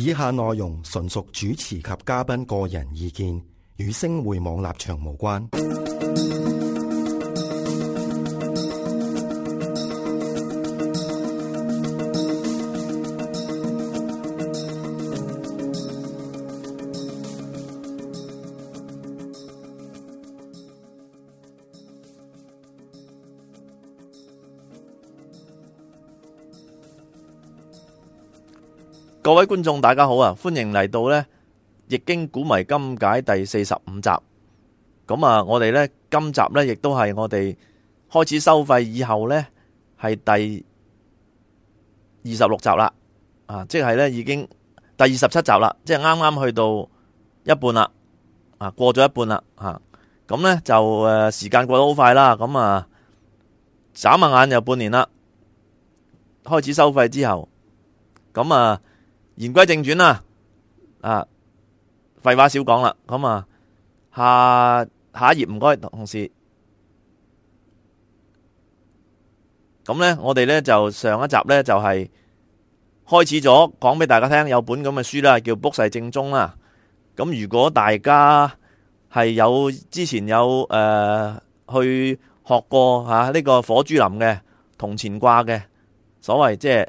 以下內容純屬主持及嘉賓個人意見，與星匯網立場無關。各位觀眾，大家好啊！歡迎嚟到呢《易經古謎今解》第四十五集。咁啊，我哋呢今集呢，亦都係我哋開始收費以後呢，係第二十六集啦。啊，即係呢已經第二十七集啦，即係啱啱去到一半啦。啊，過咗一半啦。吓，咁呢，就誒，時間過得好快啦。咁啊，眨下眼就半年啦。開始收費之後，咁啊。言歸正傳啦，啊，廢話少講啦，咁啊下下一頁唔該，同事，咁呢，我哋呢就上一集呢，就係、是、開始咗講俾大家聽，有本咁嘅書啦，叫《卜筮正宗》啦。咁如果大家係有之前有誒、呃、去學過吓呢、啊這個火珠林嘅銅錢卦嘅，所謂即係。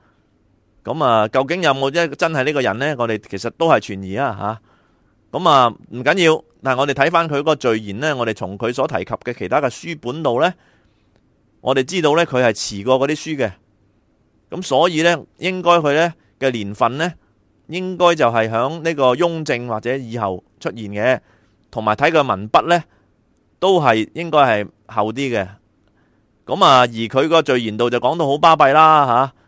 咁啊，究竟有冇真真係呢個人呢？我哋其實都係存疑啊，吓。咁啊，唔緊要。但係我哋睇翻佢個序言呢。我哋從佢所提及嘅其他嘅書本度呢，我哋知道呢，佢係遲過嗰啲書嘅。咁所以呢，應該佢呢嘅年份呢，應該就係響呢個雍正或者以後出現嘅。同埋睇佢文筆呢，都係應該係後啲嘅。咁啊，而佢個序言度就講到好巴閉啦，吓。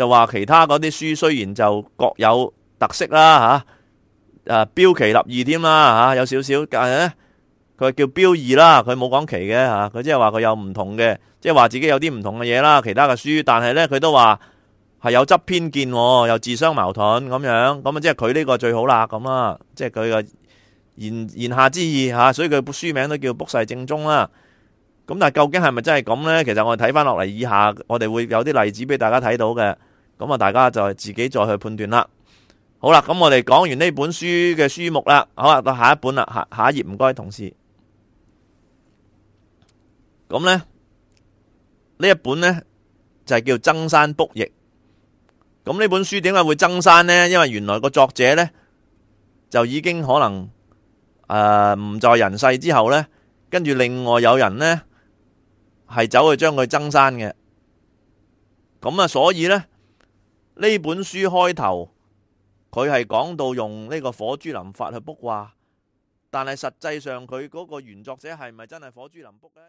就話其他嗰啲書雖然就各有特色啦吓，誒、啊、標奇立異添啦吓，有少少誒，佢、啊、叫標異啦，佢冇講奇嘅吓，佢即係話佢有唔同嘅，即係話自己有啲唔同嘅嘢啦，其他嘅書，但係呢，佢都話係有執偏見，又自相矛盾咁樣，咁啊即係佢呢個最好啦咁啊，即係佢嘅言言下之意吓，所以佢書名都叫卜筮正宗啦。咁、啊、但係究竟係咪真係咁呢？其實我哋睇翻落嚟，以下我哋會有啲例子俾大家睇到嘅。咁啊，大家就係自己再去判斷啦。好啦，咁我哋講完呢本書嘅書目啦，好啦，到下一本啦，下下一頁唔該，同事。咁呢，呢一本呢就係叫增刪卜易。咁呢本書點解會增刪呢？因為原來個作者呢就已經可能誒唔、呃、在人世之後呢，跟住另外有人呢係走去將佢增刪嘅。咁啊，所以呢。呢本書開頭佢係講到用呢個火珠林法去卜卦，但係實際上佢個原作者係咪真係火珠林卜咧？